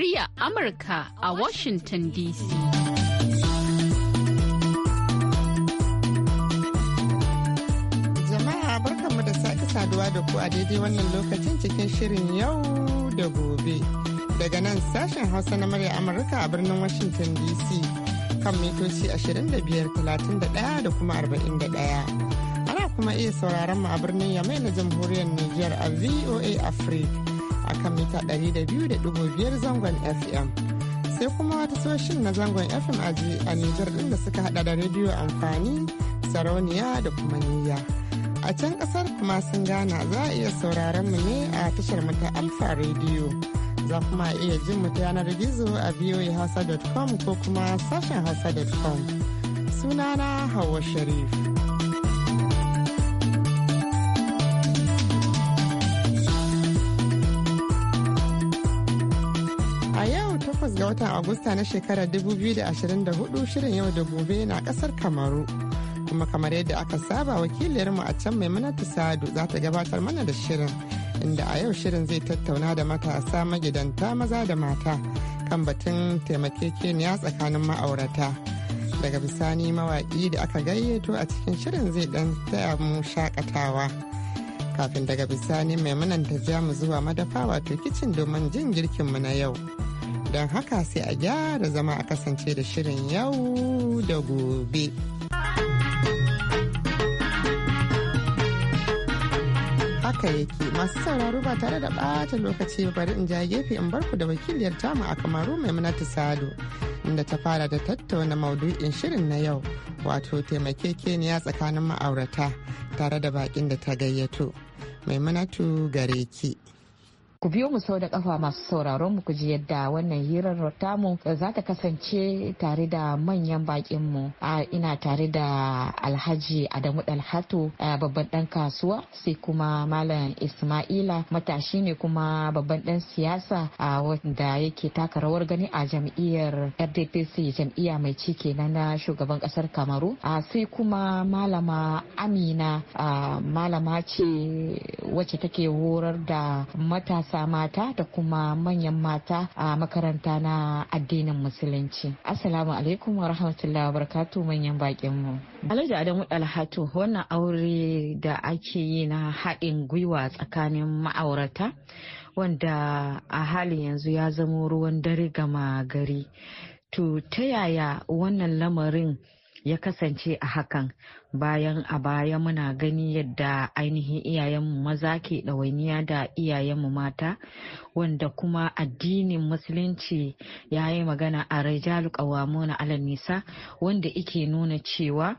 murya Amurka a Washington DC. Jama'a barkanmu da sake saduwa da ku a daidai wannan lokacin cikin shirin yau da gobe. Daga nan sashen Hausa na murya Amurka a birnin Washington DC kan mitoci 25, 31 da kuma 41. kuma iya sauraron mu a birnin Yamai na jamhuriyar Nijar a VOA Africa akan mita 200.5 zangon FM. Sai kuma wata soshin na zangon FM a Nijar ɗin da suka hada da rediyo amfani, sarauniya da kuma niyya. A can kasar kuma sun gana za a iya sauraron mu ne a tashar mu ta Alfa Radio. Za kuma iya jin mu ta yanar gizo a voahausa.com ko kuma sashen hausa.com. Sunana Hauwa Sharif. ga watan Agusta na shekarar 2024 shirin yau da gobe na kasar Kamaru. Kuma kamar yadda aka saba wakiliyarmu a can Maimunatu Sadu za ta gabatar mana da shirin inda a yau shirin zai tattauna da matasa magidanta maza da mata kan batun taimakekeniya tsakanin ma'aurata. Daga bisani mawaki da aka gayyato a cikin shirin zai dan taya mu shakatawa. Kafin daga bisani maimunan ta mu zuwa madafa wato kicin domin jin girkinmu na yau. don haka sai a gyara zama a kasance da shirin yau da gobe. haka yake masu sauraro ba tare da ɓata lokaci bari in ja gefe in barku da wakiliyar tamu a kamaru maimunatu sadu inda ta fara da tattauna maudu'in shirin na yau wato taimakekeniya tsakanin ma'aurata tare da bakin da ta gayyato maimunatu gare ki. Ku biyo mu sau da kafa masu sauraron mu ku ji yadda wannan hirar rotamu za ta kasance tare da manyan bakin mu. Ina tare da Alhaji Adamu Dalhatu babban dan kasuwa sai kuma Malam Ismaila matashi ne kuma babban dan siyasa wanda yake taka rawar gani a jam'iyyar RDPC jam'iyya mai ci kenan na shugaban kasar Kamaru. Sai kuma Malama Amina malama ce wacce take horar da matasa matasa mata da kuma manyan mata a makaranta na addinin musulunci assalamu alaikum wa rahmatullahi wa barakatu manyan bakin mu alhaji adamu alhatu wannan aure da ake yi na haɗin gwiwa tsakanin ma'aurata wanda a hali yanzu ya zama ruwan dare gama gari to ta yaya wannan lamarin ya kasance a hakan bayan a baya muna gani yadda ainihin iyayenmu maza ke ɗawainiya da iyayenmu mata wanda kuma addinin musulunci ya yi magana a rajalu na alal nisa wanda ike nuna cewa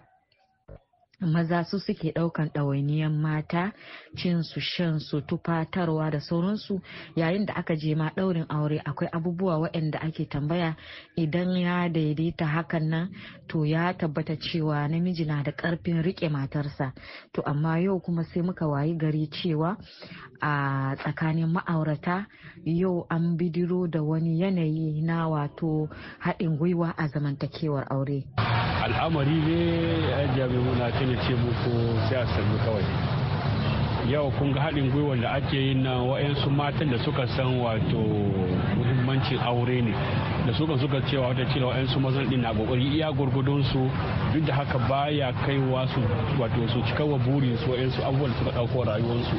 maza su suke daukan ɗawainiyar mata cinsu su tufatarwa da sauransu yayin da aka je ma ɗaurin aure akwai abubuwa waɗanda ake tambaya idan ya daidaita hakan nan to ya tabbata cewa namiji na da ƙarfin riƙe matarsa to amma yau kuma sai muka wayi gari cewa a tsakanin ma'aurata yau an bidiro da wani yanayi na wato haɗin gwiwa a zamantakewar aure. الامر أجا اجي هنا كنت سياسه بقوي yau kun ga haɗin gwiwa da ake yi na wa'yansu matan da suka san wato muhimmancin aure ne da suka suka cewa wata cewa wa'yansu mazan ɗin na kokari iya gurgudunsu duk da haka baya kaiwa su wato su cika wa burin su wa'yansu abubuwan suka ɗauko rayuwarsu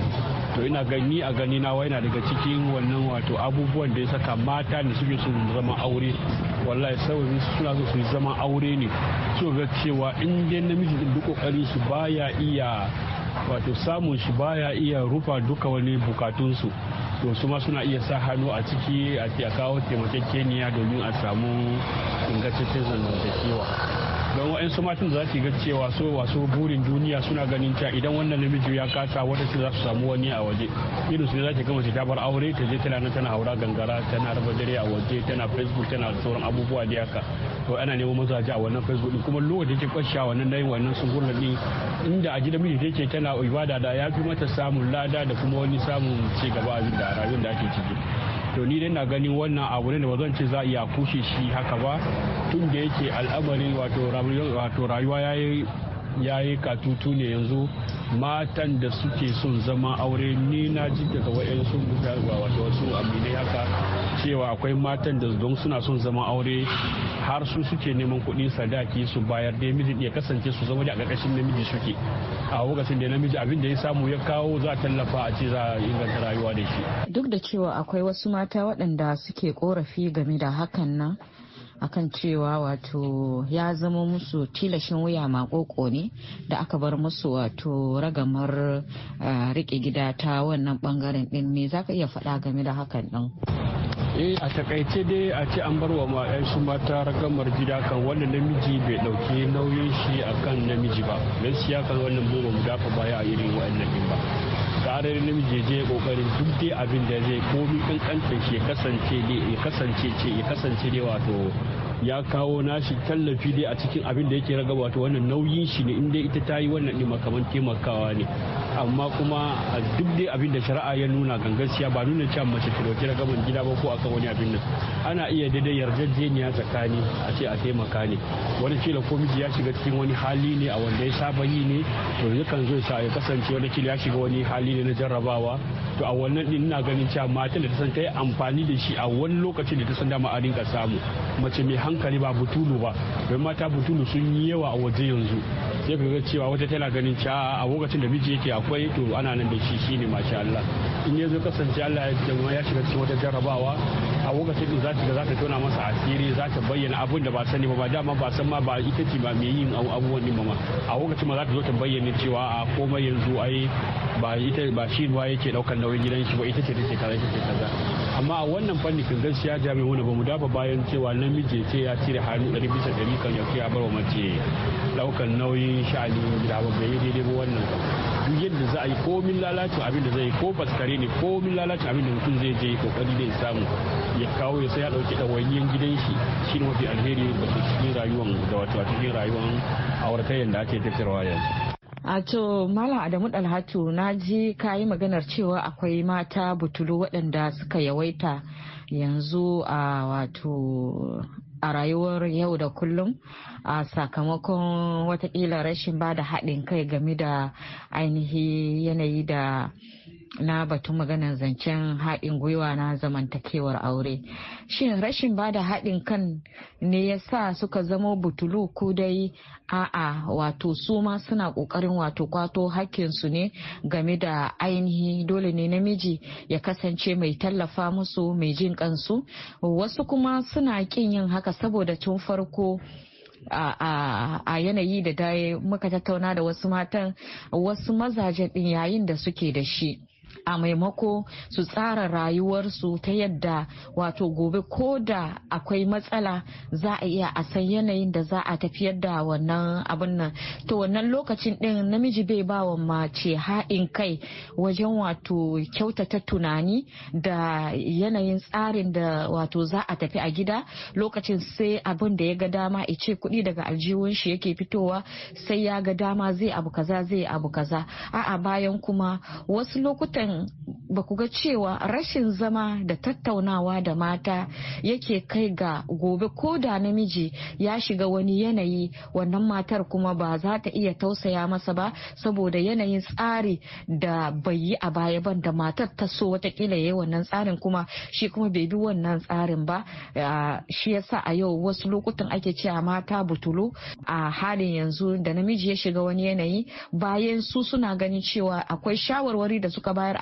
to ina gani a gani na waina daga cikin wannan wato abubuwan da ya saka mata da suke su zama aure wallahi saboda suna so su zama aure ne so ga cewa in dai namiji duk kokari su baya iya wato samun shi baya iya rufa duka wani bukatunsu to su ma suna iya sa hannu a ciki a kawo taimakekeniya domin a samu ingantaccen zamantakewa don wa'yansu matan za su ga cewa so wasu burin duniya suna ganin cewa idan wannan namiji ya kasa wata ce za su samu wani a waje irin su ne za ta gama ta bar aure ta je tana nan tana haura gangara tana raba dare a waje tana facebook tana sauran abubuwa da yaka to ana neman mazaje a wannan facebook kuma lokacin da ke kwashe a wannan nayin wannan sungurin din inda a gidan miji take tana ibada da ya fi mata samun lada da kuma wani samun ci gaba a rayuwar da ake ciki to ni dai na ganin wannan abu ne da ba zan ce za a iya kushe shi haka ba tun da yake al'amarin wato rayuwa ya yi ya yi katutu ne yanzu matan da suke son zama aure ni na ji daga wa'yansu gudanarwa wato wasu aminai haka cewa akwai matan da don suna son zama aure har su suke neman kuɗin sadaki su bayar da miji ya kasance su zama da ƙarƙashin namiji suke a lokacin da namiji abin da ya samu ya kawo za a tallafa a ce za a inganta rayuwa da shi duk da cewa akwai wasu mata waɗanda suke korafi game da hakan nan akan cewa wato ya zama musu tilashin wuya makoko ne da aka bar musu wato ragamar eh, rike gida ta wannan bangaren din me zaka iya faɗa game da hakan din e eh, a takaice dai a ce an bar wa su mata ragamar gida kan wanda namiji bai dauke nauyin shi akan namiji ba siya kan wannan mu mu dafa baya a irin wa'annan din ba tsarar namiji je kokarin duk dai abin da zai komi kankanta shi ya kasance ya kasance ce ya kasance dai wato ya kawo nashi tallafi dai a cikin abin da yake ragaba wato wannan nauyin shi ne inda ita ta yi wannan ɗima kamar taimakawa ne amma kuma a duk dai abin da shari'a ya nuna gangasiya ba nuna cewa mace ta dauki ragaban gida ba ko akan wani abin nan ana iya daidai yarjejeniya tsakani a ce a taimaka ne wani kila ko miji ya shiga cikin wani hali ne a wanda ya saba yi ne to yakan zo ya kasance wani kila ya shiga wani hali ne na jarrabawa to a wannan din ina ganin cewa matan da ta san ta yi amfani da shi a wani lokacin da ta san dama a rinka samu mace mai hankali ba butulu ba don mata butulu sun yi yawa a waje yanzu sai ka ga cewa wata tana ganin cewa a lokacin da miji yake akwai to ana nan da shi shine masha Allah in ya zo kasance Allah ya shiga cikin wata jarabawa a lokacin da za ta ga za ta tona masa asiri za ta bayyana abun da ba sani ba ba dama ba san ma ba ita ce ba mai yin abubuwan din ba ma a lokacin ma za ta zo ta bayyana cewa a komai yanzu ai ba ita ba shi ba yake daukar nauyin gidan shi ba ita ce take kaza ita ce kaza amma a wannan fanni kan gaskiya mai wani ba mu dafa bayan cewa namiji ce ya cire hannu ɗari bisa ɗari kan ya ya bar wa mace laukan nauyin sha'anin gida ba bai daidai ba wannan duk yadda za a yi komin lalacin abin da zai ko faskare ne komin lalacin abin da mutum zai je kokari da ya samu ya kawo ya sai ya ɗauki gidan shi shi ne mafi alheri ba su cikin rayuwan da wato a cikin rayuwan auratayyar da ake tafiyarwa yanzu. A to Malam Adamu Dalhatu na ji ka yi maganar cewa akwai mata butulu waɗanda suka yawaita yanzu a wato a rayuwar yau da kullum a sakamakon watakila rashin ba da haɗin kai game da ainihi yanayi da na batun magana zancen haɗin gwiwa na zamantakewar aure shin rashin ba da haɗin kan ne ya sa suka zama butulu ko dai a'a wato su ma suna ƙoƙarin wato kwato su ne game da ainihi dole ne namiji ya kasance mai tallafa musu mai jin kansu wasu kuma suna ƙin yin haka saboda tun farko a yanayi da dai muka tattauna da wasu matan wasu mazajen din yayin da suke da shi a maimako su tsara rayuwarsu ta yadda wato gobe ko da akwai matsala za a iya a san yanayin da za a tafiyar da wannan abin nan to wannan lokacin din namiji bai ba wa mace haɗin kai wajen wato kyautata tunani da yanayin tsarin da wato za a tafi a gida lokacin sai abin da ya ga dama ya ce kuɗi daga aljihun shi yake fitowa sai ya ga dama zai abu kaza zai abu kaza a'a bayan kuma wasu lokutan ba ku ga cewa rashin zama da tattaunawa da mata yake kai ga gobe ko da namiji ya shiga wani yanayi wannan matar kuma ba za ta iya tausaya masa ba saboda yanayin tsari da bai yi a baya ban da matar ta so watakila ya yi wannan tsarin kuma shi kuma bai bi wannan tsarin ba ah, shi yasa a yau wasu lokutan ake a mata butulu a halin yanzu da namiji ya shiga wani yanayi bayan su suna ganin cewa akwai shawarwari da suka bayar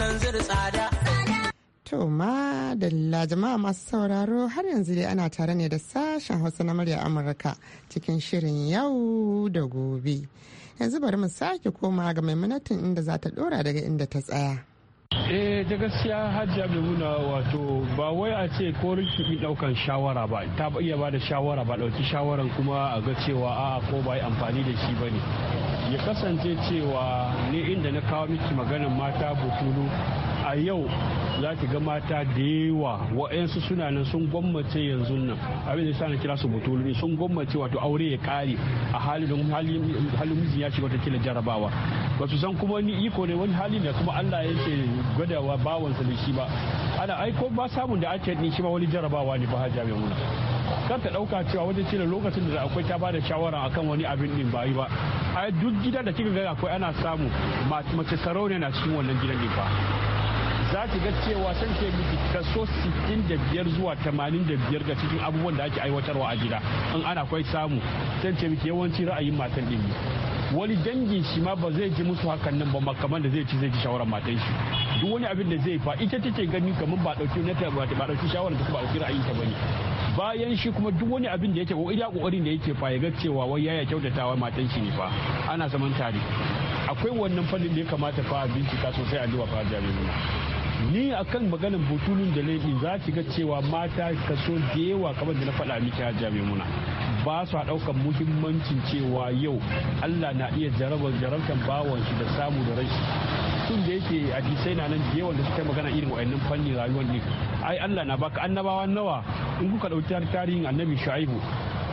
nan zir da jama'a masu sauraro har yanzu dai ana tare ne da sashen hausa na murya Amurka cikin shirin yau da gobe. Yanzu bari mu sake koma ga maimunatin inda za ta dora daga inda ta tsaya. eh da gaskiya hajji maimuna wato ba wai a ce ko rikici daukan shawara ba ta iya ba da shawara ba dauki shawaran kuma a ga cewa a ko ba yi amfani da shi ba ne ya kasance cewa ne inda na kawo miki maganan mata butulu a yau za ki ga mata da yawa wa'yansu suna nan sun gwammace yanzu nan abin da sana kira su mutu ne sun gwammace wato aure ya kare a halin halin mijin ya shiga wata kila jarabawa ba su san kuma ni iko ne wani hali da kuma Allah ya ce gwadawa bawansa da shi ba ana aiko ba samun da ake ni shi ba wani jarabawa ne ba ha jami'a muna kar ta dauka cewa wajen cire lokacin da akwai ta bada shawara akan wani abin din ba yi ba a duk gida da kika ga akwai ana samu mace sarauniya na cikin wannan gidan ne ba za ki ga cewa san ke miki kaso 65 zuwa 85 ga cikin abubuwan da ake aiwatarwa a gida in ana kwai samu san ce miki yawanci ra'ayin matan din wani dangin shi ma ba zai ji musu hakan nan ba makaman da zai ci zai ji shawarar matan shi duk wani abin da zai fa ita take gani kamar ba dauki na ta ba dauki shawarar ta ba dauki ra'ayin ta bane bayan shi kuma duk wani abin da yake kokari iya kokarin da yake fa ya ga cewa wai yaya kyautatawa matan shi ne fa ana zaman tare akwai wannan fannin da ya kamata fa bincika sosai a jiwa fa jami'u ni akan maganin butulun da laifin za ki ga cewa mata kaso da yawa kamar da na faɗa miki a muna ba su a ɗaukar muhimmancin cewa yau allah na iya jarabar jarabtar bawon shi da samu da rashi tun da yake a jisai na nan da yawan da suka magana irin wa'annan fannin rayuwar ne ai allah na baka annabawa nawa in kuka ɗauki tarihin annabi shu'aibu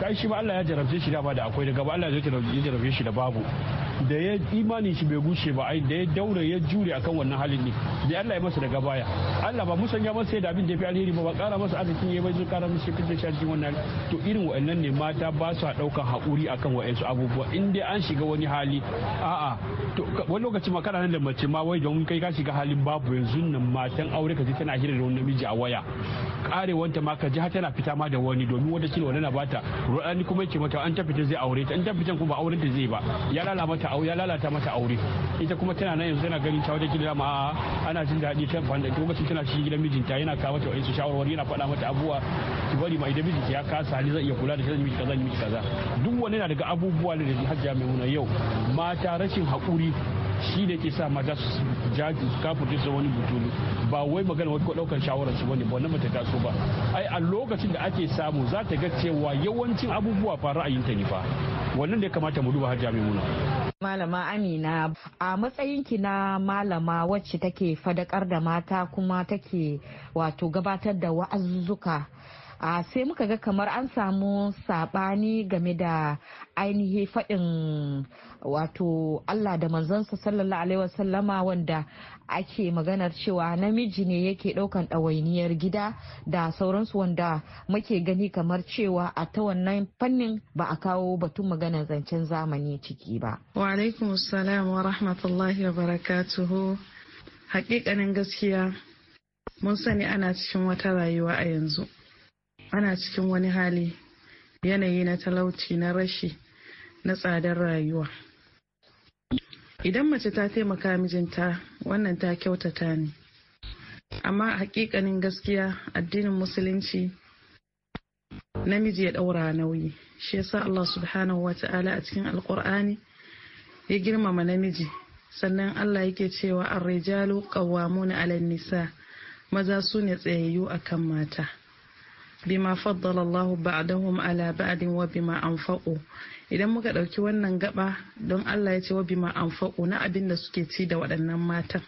kai shi ba Allah ya jarabce shi dama da akwai daga ba Allah ya jarabce shi da babu da ya imani shi bai gushe ba ai da ya daure ya jure akan wannan halin ne da Allah ya masa daga baya Allah ba musanya masa da abin da ya fi alheri ba ba kara masa arzikin ya bai zo kara masa kace shi cikin wannan to irin wa'annan ne mata ba su daukan hakuri akan wa'ansu abubuwa in dai an shiga wani hali a'a to wani lokaci ma kana nan da mace ma wai don kai ka shiga halin babu yanzu nan matan aure ka ji tana hira da wani namiji a waya karewanta ma ka ji har tana fita ma da wani domin wata kilo wani na bata rudani kuma yake mata an tafita zai aure ta an tafitan kuma auren ta zai ba ya lalata mata aure ya lalata mata aure ita kuma tana nan yanzu tana ganin ta wata gida ma ana jin daɗi ta fanda kuma sai tana cikin gidan mijinta yana kawo mata wani shawarwari yana faɗa mata abubuwa ki bari ma idan mijinki ya kasa ni zan iya kula da shi zan miki kaza ni miki kaza duk wani na daga abubuwa ne da hajjia mai yau mata rashin haƙuri shi ne ke sa maza su jaji kafin su wani butulu ba wai magana wani daukan shawarar su bane ba na mata so ba ai a lokacin da ake samu za ta ga cewa yawancin abubuwa fa ra'ayinta ne fa wannan da ya kamata mu duba har muna malama amina a matsayinki na malama wacce take fadakar da mata kuma take wato gabatar da wa'azuzzuka a sai muka ga kamar an samu sabani game da ainihi faɗin wato Allah da manzansa sallallahu alaihi wasallama wanda ake maganar cewa namiji ne yake daukan ɗawainiyar gida da sauransu wanda muke gani kamar cewa a ta wannan fannin ba a kawo batun maganar zancen zamani ciki ba. Wa alaikum salam wa rahmatullahi wa barakatuhu. Hakikanin gaskiya mun sani ana cikin wata rayuwa a yanzu. Ana cikin wani hali yanayi na talauci na rashi na tsadar rayuwa. idan mace ta taimaka mijinta wannan ta kyautata ne amma hakikanin gaskiya addinin musulunci namiji ya daura nauyi shi yasa Allah subhanahu wa ta'ala a cikin alkur'ani ya girmama namiji sannan Allah yake cewa an rijalu qawwamuna 'alan nisa maza su ne tsayayyu akan mata bima faddala Allah ba'dahum ala ba'din wa bima anfa'u idan muka ɗauki wannan gaba don allah ya ce wa bima anfaqu na abin da suke ci da waɗannan matan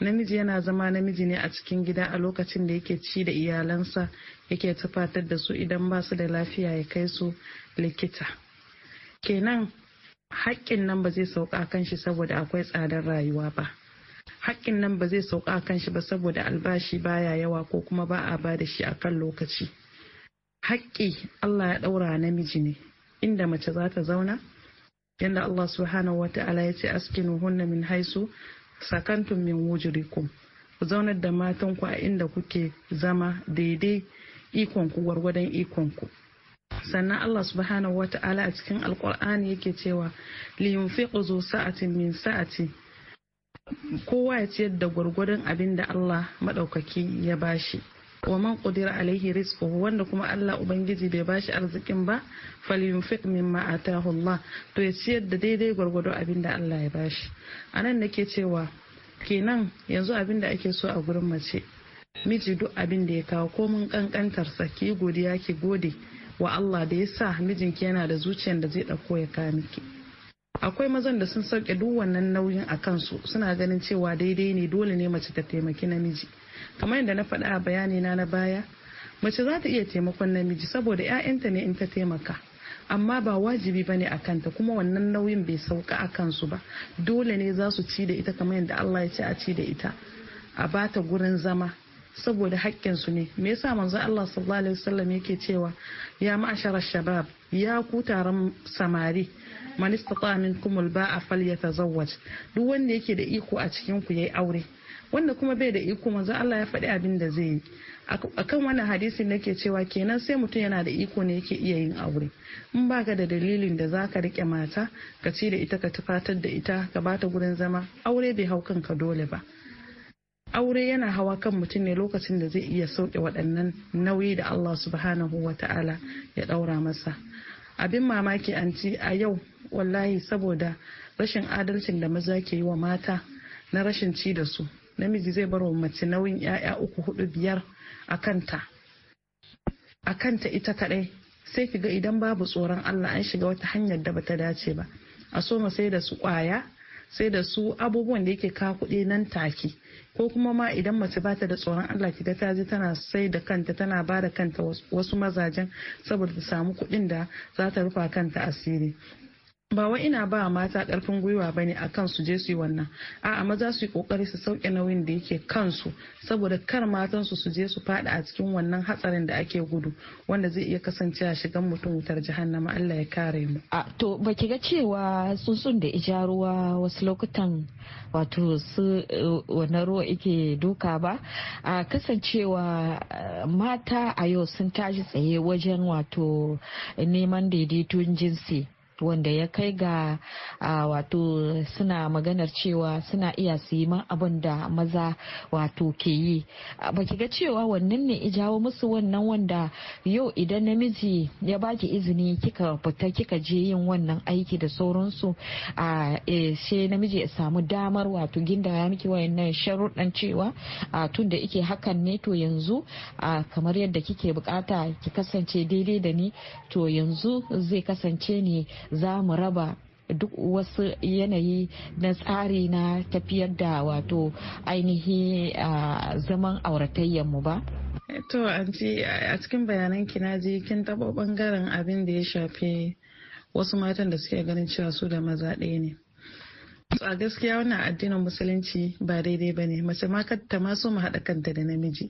namiji yana zama namiji ne a cikin gida a lokacin da yake ci da iyalansa yake tafatar da su idan ba su da lafiya ya kai su likita kenan haƙƙin nan ba zai sauka kan shi saboda akwai tsadar rayuwa ba haƙƙin nan ba zai sauka kan shi ba saboda albashi baya yawa ko kuma ba a ba da shi akan lokaci haƙƙi allah ya ɗaura namiji ne inda mace za ta zauna yadda Allah subhanahu wa ta'ala ya ce askinuhunna min haisu sakantum min wujurikum ku zaunar da matanku a inda kuke zama daidai ikonku gwargwadon ikonku sannan Allah subhanahu wa ta'ala a cikin alkur'ani yake cewa li yunfiqu zu sa'atin min sa'ati kowa ya ciyar da gwargwadon abin da Allah maɗaukaki ya bashi wa man qudira alaihi rizquhu wanda kuma Allah ubangiji bai bashi arzikin ba falyunfiq mimma atahu Allah to ya ciyar da daidai gwargwado abinda Allah ya bashi anan nake cewa kenan yanzu abinda ake so a gurin mace miji duk abin da ya kawo komin kankantarsa ki godiya ki gode wa Allah da yasa mijinki yana da zuciyar da zai dauko ya kawo miki akwai mazan da sun sauke duk wannan nauyin a kansu suna ganin cewa daidai ne dole ne mace ta taimaki namiji kamar yadda na faɗa a bayani na na baya mace za ta iya taimakon namiji saboda 'ya'yanta ne in ta taimaka amma ba wajibi ba ne a kanta kuma wannan nauyin bai sauka a kansu ba dole ne za su ci da ita kamar yadda Allah ya ce a ci da ita a bata gurin zama saboda su ne me yasa manzo Allah sallallahu alaihi wasallam yake cewa ya ma'asharar shabab ya ku taron samari man istata minkum alba'a falyatazawwaj duk wanda yake da iko a cikin ku yayi aure wanda kuma bai da iko manzo Allah ya faɗi abin da zai yi akan wannan hadisin nake cewa kenan sai mutum yana da iko ne yake iya yin aure in baka da dalilin da zaka rike mata ka ci da ita ka tufatar da ita ka bata gurin zama aure bai hau kanka dole ba aure yana hawa kan mutum ne lokacin da zai iya sauke waɗannan nauyi da Allah subhanahu wa ta'ala ya ɗaura masa abin mamaki an ci a yau wallahi saboda rashin adalcin da maza ke yi wa mata na rashin ci da su namiji zai bar wa mace nauyin 'ya'ya uku hudu biyar a kanta a kanta ita kadai sai kiga idan babu tsoron Allah an shiga wata hanyar da bata dace ba a so soma sai da su kwaya sai da su abubuwan da yake ka kuɗi nan take ko kuma ma idan mace bata da tsoron Allah kiga ta je tana sai da kanta tana ba da kanta wasu mazajen saboda ta samu kuɗin da za ta rufa kanta asiri ba wa ina ba mata karfin gwiwa ba ne akan su je su yi wannan a'a maza su yi kokari su sauke nauyin da yake kansu saboda kar matan su su je su fada a cikin wannan hatsarin da ake gudu wanda zai iya kasance a shigan mutum wutar jahannama Allah ya kare mu a to ba ki ga cewa tsuntsun da ijaruwa wasu lokutan wato su eh, wannan ruwa yake duka ba a kasancewa eh, mata a yau sun tashi tsaye wajen wato neman daidaiton jinsi wanda ya kai ga wato suna maganar cewa suna iya su yi abin da maza wato ke yi ba ki ga cewa wannan ne ijawo musu wannan wanda yau idan namiji ya baki izini kika fita kika je yin wannan aiki da sauransu a e, sai namiji ya samu damar wato ginda ya miki wayannan sharuɗan cewa a tun da ike hakan ne to yanzu a kamar yadda kike bukata ki kasance daidai da ni to yanzu zai kasance ne za mu raba duk wasu yanayi na tsari na tafiyar da wato ainihi zaman auratayyanmu ba? To, anti a cikin bayanan kinaji kin taɓa ɓangaren abin da ya shafi wasu matan da suke ganin cewa su da maza ɗaya ne. a gaskiya wannan addinin musulunci ba daidai ba ne mace ma ta maso mu haɗa kanta da namiji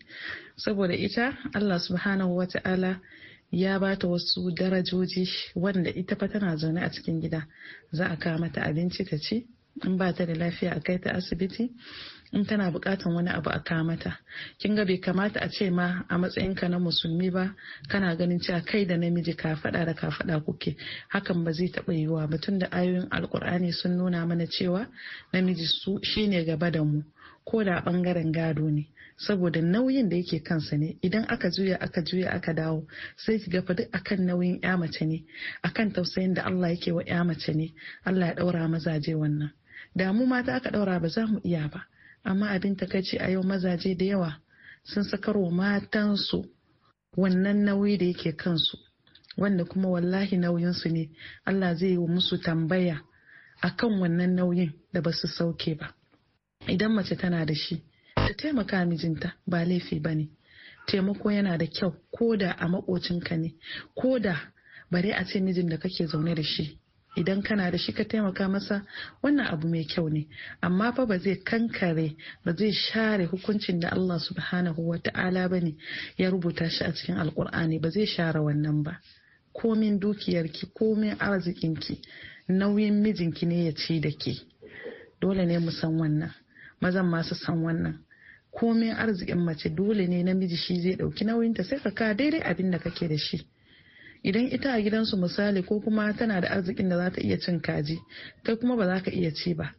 saboda ita allah subhanahu wa ta'ala ya ba ta wasu darajoji wanda ita fa tana zaune a cikin gida za a kawo mata abinci ta ci in ba ta da lafiya a kai ta asibiti in tana bukatan wani abu a kawo mata kin ga bai kamata a ce ma a matsayinka na musulmi ba kana ganin cewa kai da namiji ka faɗa da ka faɗa kuke hakan ba zai taɓa yiwuwa ba tunda ayoyin alkur'ani sun nuna mana cewa namiji su shine gaba da mu ko da bangaren gado ne saboda nauyin da yake kansa ne idan aka juya aka juya aka dawo sai ki ga duk akan nauyin ya mace ne akan tausayin da Allah yake wa ya mace ne Allah ya daura mazaje wannan da mu mata aka daura ba za mu iya ba amma abin takaici a yau mazaje da yawa sun sakarwa matansu wannan nauyi da yake kansu wanda kuma wallahi nauyin su ne Allah zai yi musu tambaya akan wannan nauyin da ba su sauke ba idan mace tana da shi taimaka mijinta ba laifi ba ne taimako yana da kyau ko da a makocinka ne ko da bare a ce mijin da kake zaune da shi idan kana da shi ka taimaka masa wannan abu mai kyau ne amma fa ba zai kankare ba zai share hukuncin da Allah subhanahu wa ta'ala ba ne ya rubuta shi a cikin alkur'ani ba zai share wannan ba komin dukiyarki komin arzikinki nauyin mijinki ne ya ci da ke dole ne mu san wannan mazan masu san wannan komin arzikin mace dole ne namiji shi zai dauki nauyinta sai ka ka daidai abin da kake da shi idan ita a gidansu misali ko kuma tana da arzikin da za ta iya cin kaji kai kuma ba za ka iya ci ba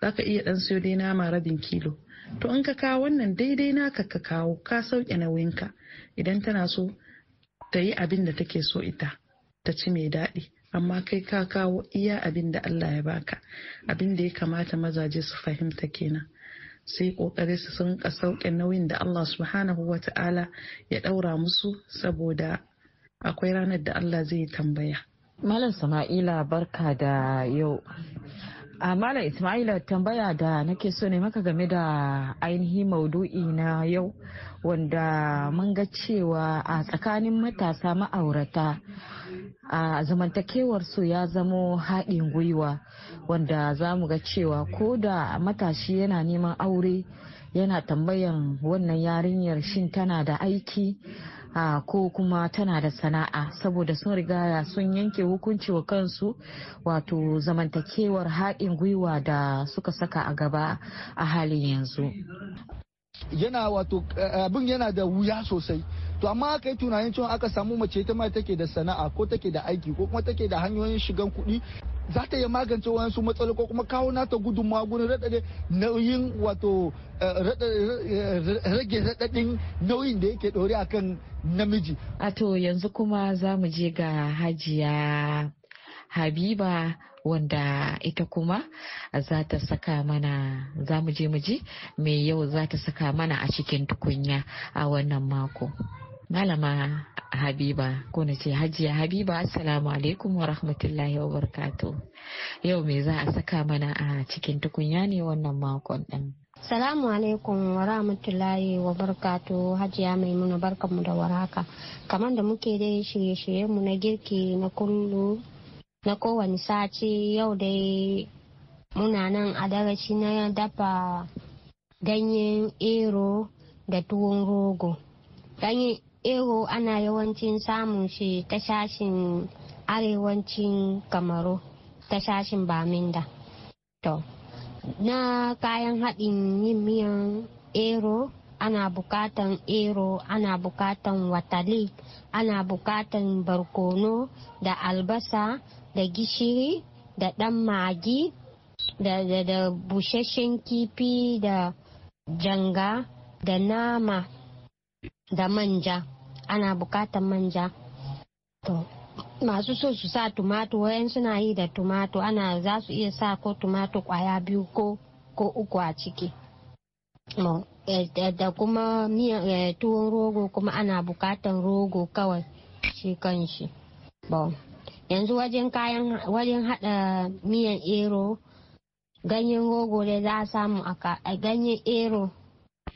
za ka iya dan siyo dai nama rabin kilo to in ka kawo wannan daidai naka ka kawo ka sauke nauyinka idan tana so ta yi abin da take so ita ta ci mai daɗi amma kai ka kawo iya abin da Allah ya baka abin da ya kamata mazaje su fahimta kenan sai kokari su sun sauke nauyin da Allah subhanahu wa ta'ala ya daura musu saboda akwai ranar da Allah zai tambaya. Malam Sama'ila barka da yau. A Malam Ismaila tambaya da nake so ne maka game da ainihi maudu'i na yau wanda mun ga cewa a tsakanin matasa ma'aurata a zamantakewar su ya zamo haɗin gwiwa wanda za mu ga cewa ko da matashi yana neman aure yana tambayan wannan yarinyar shin tana da aiki a ko kuma tana da sana'a saboda sun rigaya sun yanke hukunci wa kansu wato zamantakewar haɗin gwiwa da suka saka a gaba a halin yanzu yana wato eh, abin yana da wuya sosai to amma aka yi tunanin cewa aka samu mace ta mai take da sana'a ko take da aiki ko kuma take da hanyoyin shigan kuɗi za ta iya magance wasu matsala ko kuma kawo nata gudunmawa gurin raɗaɗe nauyin wato eh, eh, rage raɗaɗin nauyin da yake ɗore akan namiji. A to yanzu kuma za mu je ga hajiya Habiba wanda ita kuma za ta saka mana za mu je mu ji me yau za ta saka mana a cikin tukunya a wannan mako. Malama Habiba ko na ce Hajiya Habiba Assalamu alaikum wa rahmatullahi wa barkato Yau me za a saka mana a cikin tukunya ne wannan makon ɗin. Salamu alaikum wa rahmatullahi wa barkato Hajiya Maimuna barkanmu da waraka Kamar da muke dai shirye mu na girki na kullu na kowane sace yau dai muna nan a darasi na dafa ganyen ero da tuwon rogo. Ganyen ero ana yawancin samun shi ta sashin arewacin kamaru ta sashin baminda to na kayan haɗin yin miyan ero ana bukatan ero ana bukatan watali ana bukatan barkono da albasa da gishiri da ɗan magi da, da, da busasshen kifi da janga da nama da manja ana bukatar manja masu so su sa tumatur wayan suna yi da tumatur ana za su iya sa ko tumatur kwaya biyu ko ko uku a ciki da kuma eh, tuwon rogo kuma ana bukatar rogo kawai shi kan shi yanzu wajen kayan wajen hada miyan ero ganyen rogo da za a eh, ero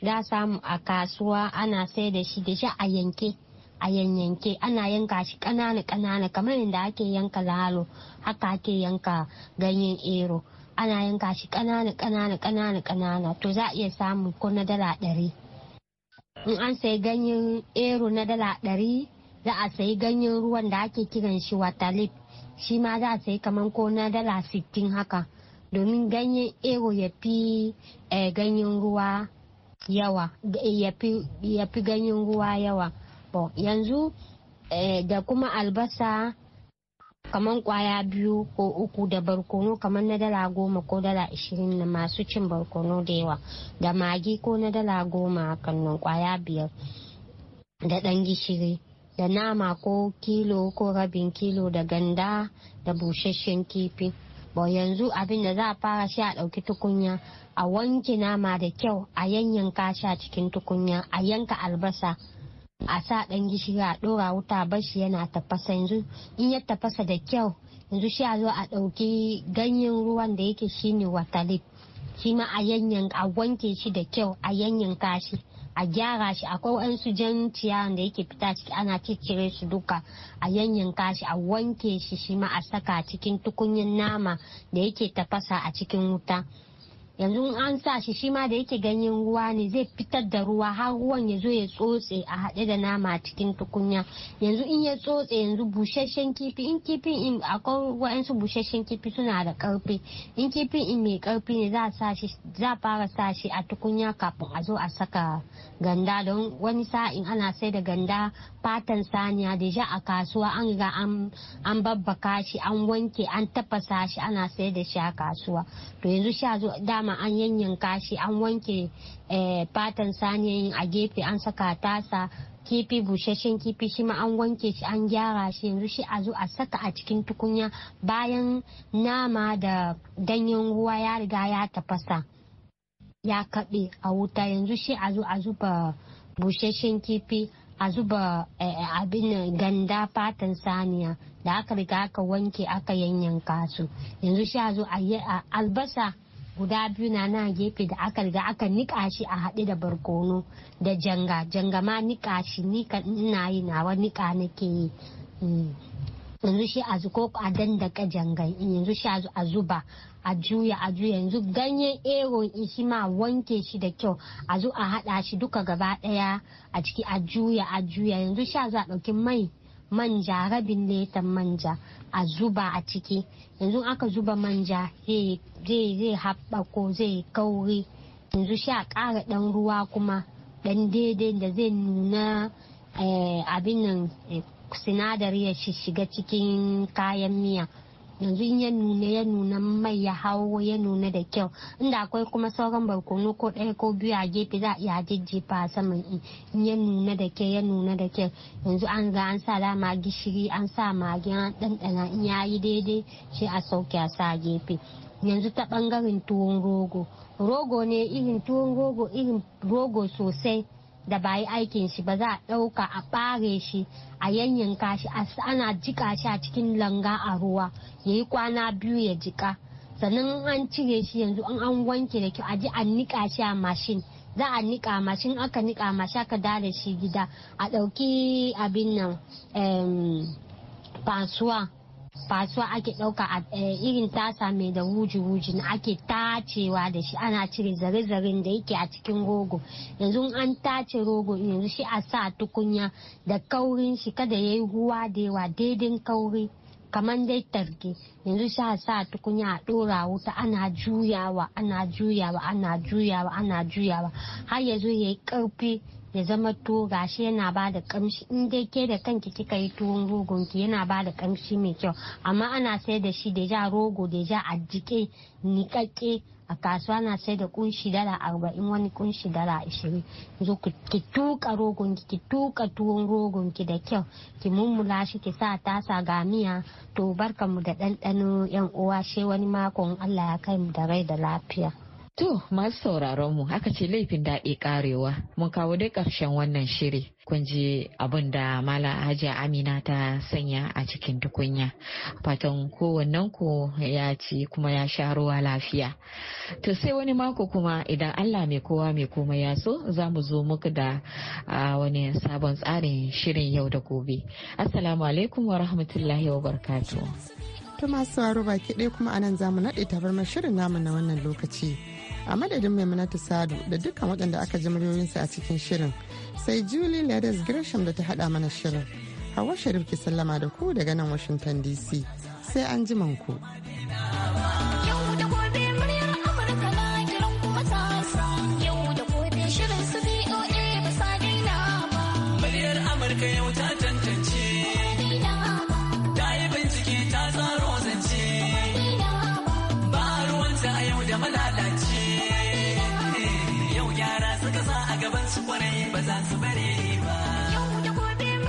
za samu a kasuwa ana sai da shi da shi a yanke a yanyanke ana yanka shi ƙanana ƙanana kamar inda ake yanka lalo haka ake yanka ganyen ero ana yanka shi ƙanana ƙanana ƙanana to za a iya samu ko na dala ɗari in an sayi ganyen ero na dala ɗari za a sayi ganyen ruwan da ake kiran shi watalip shi ma za a sayi kamar ko na dala sittin haka domin ganyen ero ya eh, ya fi ganyen ruwa yawa bon yanzu eh, da kuma albasa kamar kwaya biyu ko uku da barkono kamar na dala goma ko dala ashirin na masu cin barkono da yawa da magi ko na dala goma kannan kwaya biyar da ɗan gishiri da nama ko kilo ko rabin kilo da ganda da busasshen kifi ba yanzu abin da za a fara shi a ɗauki tukunya a wanke nama da kyau a yanyanka shi a cikin tukunya a yanka albasa a sa ɗan gishiri a ɗora wuta bashi yana tafasa yanzu in ya tafasa da kyau yanzu shi a zo a ɗauki ganyen ruwan da yake shine watalip shi ma a yanyan a wanke shi da kyau a yanyan kashi. a gyara shi akwai wa'ansu jan ciyawan da yake fita ciki ana ciccire su duka a yanyan kashi a wanke shi shi ma a saka cikin tukunyin nama da yake tafasa a cikin wuta yanzu an sa shi shi ma da yake ganyen ruwa ne zai fitar da ruwa har ruwan ya zo ya tsotse a haɗe da nama cikin tukunya yanzu in ya tsotse yanzu busasshen kifi in kifin in akwai wa'ansu busasshen kifi suna da karfi in kifin in mai karfi ne za sa shi za fara sa shi a tukunya kafin a zo a saka ganda don wani sa'in ana sai da ganda fatan saniya da a kasuwa an riga an babbaka shi an wanke an tafasa shi ana sai da shi a kasuwa to yanzu sha zo dama nama an yanyanka shi an wanke eh, fatan saniyayin a gefe an saka tasa kifi busashen kifi shi ma an wanke shi an gyara shi yanzu shi a zo a saka a cikin tukunya bayan nama da ganyen ruwa ya riga ya tafasa ya kaɓe a wuta yanzu shi a zo a zuba busasshen kifi a zuba eh, abin ganda fatan saniya da aka riga aka wanke aka yanyanka su yanzu shi a zo a albasa guda biyu na nan gefe da aka riga aka nika shi a haɗe da barkono da janga janga ma nika shi nika ina yi nawa nika nake yi mm. yanzu shi a ko a dandaka janga yanzu shi a zuba a juya a juya yanzu ganyen ero shi ma wanke shi da kyau a zo a haɗa shi duka gaba ɗaya a ciki a juya a juya yanzu shi a zo a ɗauki mai manja rabin letan manja a zuba a ciki yanzu aka zuba manja zai ko zai kauri yanzu sha ƙara ɗan ruwa kuma ɗan daidai da zai nuna eh, abin nan eh, sinadari ya shiga cikin kayan miya yanzu in ya nuna ya nuna mai ya hawo ya nuna da kyau inda akwai kuma sauran barkono ko ɗaya ko biyu a gefe za a iya jejjefa a saman in ya nuna da kyau ya nuna da kyau yanzu an ga an sa dama gishiri an sa magi an ɗanɗana in ya yi daidai sai a sauke a sa gefe yanzu ta ɓangaren tuwon rogo rogo ne irin tuwon rogo irin rogo sosai da ba yi aikin shi ba za a ɗauka a ɓare shi a yanyanka shi ana jika shi a cikin langa a ruwa ya yi kwana biyu ya jika sannan an cire shi yanzu an an wanke da kyau a ji a niƙa shi a mashin za a niƙa mashin aka niƙa mashi aka dare shi gida a ɗauki abin nan fasuwa fasuwa ake ɗauka a eh, irin tasa mai da wuji-wuji na ake tacewa da shi ana cire zare-zaren da yake a cikin rogo yanzu an tace rogo yanzu shi a sa tukunya da kaurin shi kada ya yi ruwa da yawa daidin kauri kamar dai targe yanzu a sa tukunya a ɗora wuta ana juyawa ana juyawa ana juyawa ana juyawa har yanzu ya yi ƙarfi ya zama tuwo gashi yana ba da kamshi in dai ke da kanki kika yi tuwon rogon ki yana ba da kamshi mai kyau amma ana sai da shi da ja rogo da ja a jike nikakke a kasuwa na sai da kunshi dala arba'in wani kunshi dala ashirin zo ki tuka rogon ki tuka tuwon rogon ki da kyau ki mummula shi ki sa tasa ga miya to barka mu da ɗanɗano yan uwa shi wani makon allah ya kai mu da rai da lafiya To masu sauraron mu aka ce laifin daɗi ƙarewa, mun kawo dai ƙarshen wannan shiri kun ji abin da Mala Hajiya Amina ta sanya a cikin tukunya fatan kowannen ku ya ci kuma ya sha ruwa lafiya. To sai wani mako kuma idan Allah mai kowa mai kuma ya so za mu zo muku da wani sabon tsarin shirin yau da gobe. Assalamu alaikum wa rahmatullahi wa barkatu. ta masu sauraro baki ɗaya kuma anan zamu naɗe tabarmar shirin namu na wannan lokaci. A madadin Maimunatu Sadu da dukkan waɗanda aka ji muryoyinsu a cikin shirin sai Julie Ladies Gresham da ta haɗa mana shirin. Hawa Sharif ke sallama da ku daga nan Washington DC sai an ji ku.